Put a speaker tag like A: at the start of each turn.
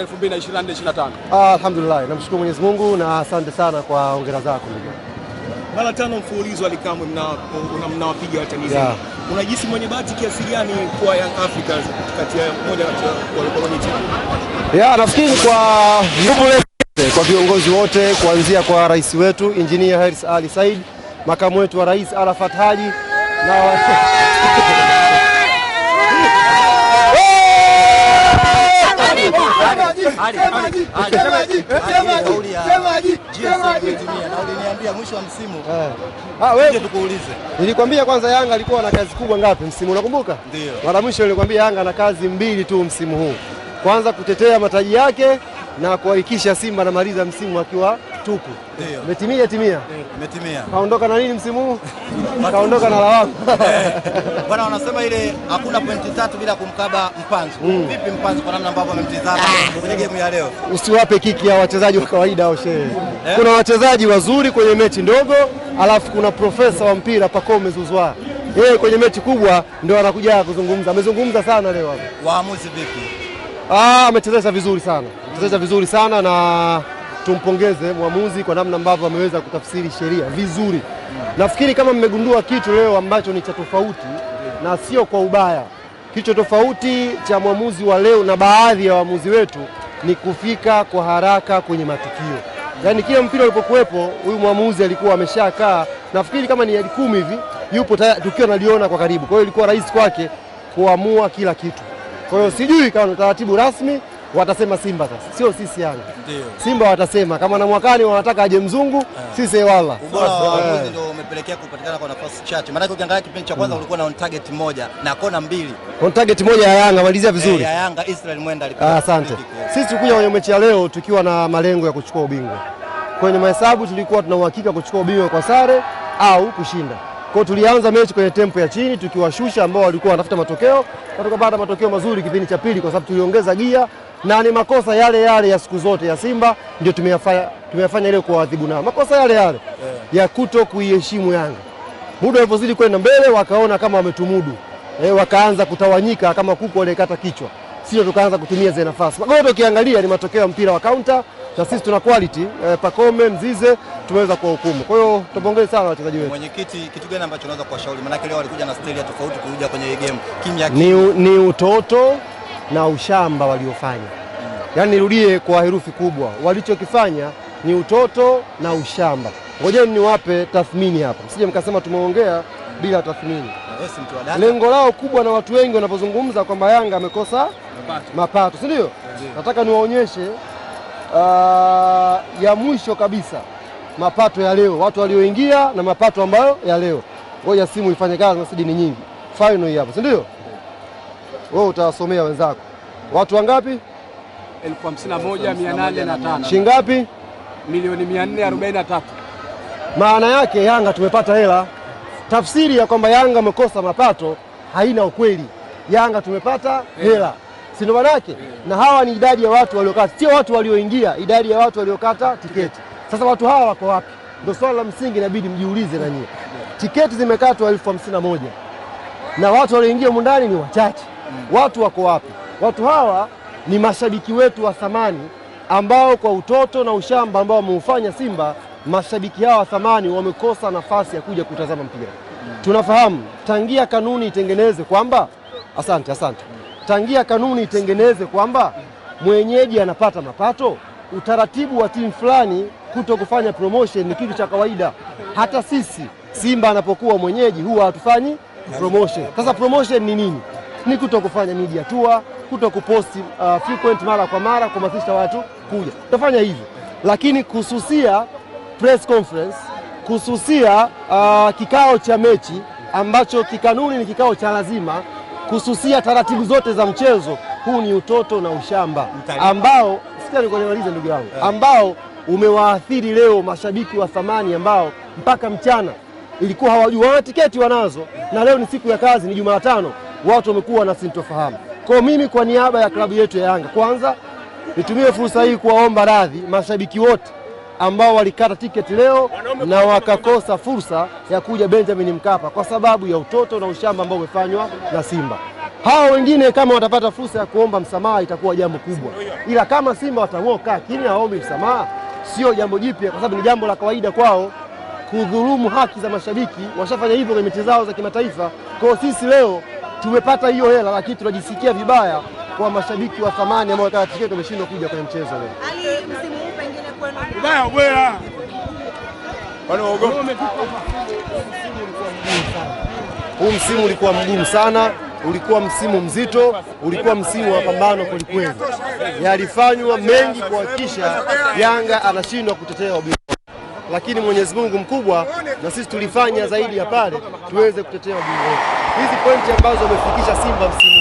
A: mwaka 2024-2025? Ah, alhamdulillah, namshukuru Mwenyezi Mungu na asante sana kwa hongera zako ndugu.
B: Mara tano mfululizo Alikamwe mnawapiga watani zenu. Yeah. Unajisi mwenye bahati kiasi gani kwa Young Africans kati ya moja kati ya chini?
C: Yeah, nafikiri kwa nguvu kwa viongozi wote kuanzia kwa rais wetu Engineer Harris Ali Said, makamu wetu wa rais Arafat Haji na Nilikwambia kwanza Yanga alikuwa na kazi kubwa ngapi msimu, unakumbuka? Ndio. Mara mwisho nilikwambia Yanga na kazi mbili tu msimu huu, kwanza kutetea mataji yake na kuhakikisha Simba anamaliza msimu akiwa tupu. Ndio. Umetimia timia. Umetimia. Kaondoka na nini msimu huu? Kaondoka na lawama. Eh.
D: Bwana wanasema ile hakuna pointi tatu bila kumkaba Mpanzu. Mm. Vipi Mpanzu kwa namna ambavyo amemtizama ah. kwenye game ya leo?
C: Usiwape kiki ya wachezaji wa kawaida au shehe. Eh? Kuna wachezaji wazuri kwenye mechi ndogo, alafu kuna profesa wa mpira Pacome Zouzoua yeye kwenye mechi kubwa ndio anakuja kuzungumza. Amezungumza sana leo hapo.
D: Waamuzi vipi?
C: Ah, amechezesha vizuri sana, amechezesha vizuri sana na tumpongeze mwamuzi kwa namna ambavyo ameweza kutafsiri sheria vizuri. Nafikiri kama mmegundua kitu leo ambacho ni cha tofauti na sio kwa ubaya, kicho tofauti cha mwamuzi wa leo na baadhi ya waamuzi wetu ni kufika kwa haraka kwenye matukio. Yaani kila mpira ulipokuwepo, huyu mwamuzi alikuwa ameshakaa, nafikiri kama ni yadi kumi hivi, yupo tukio analiona kwa karibu. Kwa hiyo ilikuwa rahisi kwake kuamua kila kitu. Kwa hiyo sijui kama ni taratibu rasmi watasema Simba sasa, sio sisi Yanga. Ndio. Simba watasema kama na mwakani wanataka aje mzungu yeah. Sisi wala.
D: Ubora wa eh. waamuzi ndio umepelekea kupatikana kwa nafasi chache. Maana ukiangalia kipindi cha kwanza mm. ulikuwa na on target moja na kona mbili.
C: On target moja ya Yanga, malizia eh, vizuri. Hey,
D: ya Yanga Israel Mwenda
C: alikuwa. Ah, asante. Sisi tulikuja kwenye mechi ya leo tukiwa na malengo ya kuchukua ubingwa. Kwenye mahesabu tulikuwa tuna uhakika kuchukua ubingwa kwa sare au kushinda. Kwa tulianza mechi kwenye tempo ya chini tukiwashusha ambao walikuwa wanatafuta matokeo na tukapata matokeo mazuri kipindi cha pili, kwa sababu tuliongeza gia na ni makosa yale yale ya siku zote ya Simba ndio tumeyafanya, tumeyafanya ile kuwaadhibu nao makosa yale yale yeah, ya kuto kuiheshimu Yanga. Muda walivyozidi kwenda mbele, wakaona kama wametumudu e, wakaanza kutawanyika kama kuku aliyekata kichwa, sio tukaanza kutumia zile nafasi. Magoli ukiangalia ni matokeo ya mpira wa kaunta, na sisi tuna quality e, Pakome Mzize tumeweza kuwahukumu. Kwa hiyo tupongeze sana wachezaji wetu.
D: Mwenyekiti, kitu gani ambacho unaweza kuwashauri? Maana leo walikuja na style tofauti kuja kwenye game kimya.
C: Ni, ni utoto na ushamba waliofanya. Yaani nirudie kwa herufi kubwa, walichokifanya ni utoto na ushamba. Ngojeni niwape tathmini hapa, msije mkasema tumeongea bila tathmini. Lengo lao kubwa, na watu wengi wanapozungumza kwamba Yanga amekosa mapato, mapato si ndio? Nataka niwaonyeshe uh, ya mwisho kabisa mapato ya leo, watu walioingia na mapato ambayo ya leo. Ngoja simu ifanye kazi, masidi ni nyingi, faino hii hapa, si ndio? wewe utawasomea wenzako. Watu wangapi?
D: elfu hamsini na moja mia nane na tano.
C: Shilingi ngapi?
D: Milioni mia nne arobaini na tatu.
C: Maana yake Yanga tumepata hela. Tafsiri ya kwamba Yanga amekosa mapato haina ukweli. Yanga tumepata eh. hela, si ndio? Maana yake eh. na hawa ni idadi ya watu waliokata, sio watu walioingia, idadi ya watu waliokata tiketi. Sasa watu hawa wako wapi? Ndio swala la msingi inabidi mjiulize nanyie Tiketi zimekatwa elfu hamsini na moja na watu walioingia mundani ni wachache. Watu wako wapi? Watu hawa ni mashabiki wetu wa thamani ambao kwa utoto na ushamba ambao wameufanya Simba, mashabiki hawa wa thamani wamekosa nafasi ya kuja kutazama mpira. Tunafahamu tangia kanuni itengeneze kwamba asante, asante, tangia kanuni itengeneze kwamba mwenyeji anapata mapato, utaratibu wa timu fulani kuto kufanya promotion ni kitu cha kawaida. Hata sisi Simba anapokuwa mwenyeji huwa hatufanyi promotion. Sasa promotion ni nini? ni kuto kufanya media tour, kuto kuposti uh, frequent mara kwa mara kuhamasisha watu kuja. Tutafanya hivyo, lakini kususia press conference, kususia uh, kikao cha mechi ambacho kikanuni ni kikao cha lazima, kususia taratibu zote za mchezo huu ni utoto na ushamba ambao, sikia, nikunemaliza ndugu yangu, eh. ambao umewaathiri leo mashabiki wa thamani ambao mpaka mchana ilikuwa hawajua wana tiketi wanazo, na leo ni siku ya kazi, ni Jumatano watu wamekuwa na sintofahamu. Kwa mimi kwa niaba ya klabu yetu ya Yanga, kwanza nitumie fursa hii kuwaomba radhi mashabiki wote ambao walikata tiketi leo na wakakosa fursa ya kuja Benjamin Mkapa kwa sababu ya utoto na ushamba ambao umefanywa na Simba. Hao wengine kama watapata fursa ya kuomba msamaha itakuwa jambo kubwa, ila kama Simba watang'oka kini hawaombi msamaha, sio jambo jipya, kwa sababu ni jambo la kawaida kwao kudhulumu haki za mashabiki. Washafanya hivyo kwenye mechi zao za kimataifa. Kwa sisi leo tumepata hiyo hela, lakini tunajisikia vibaya kwa mashabiki wa thamani ambao tiketi tumeshindwa kuja kwenye mchezo leo.
E: Ali, msimu huu pengine
C: kwenu ubaya Huu msimu ulikuwa mgumu sana, ulikuwa msimu mzito, ulikuwa msimu wa pambano kwelikweli, yalifanywa mengi kuhakikisha Yanga anashindwa kutetea ubingwa lakini Mwenyezi Mungu mkubwa, na sisi tulifanya zaidi ya pale tuweze kutetea ubingwa. Hizi pointi ambazo wamefikisha Simba msimu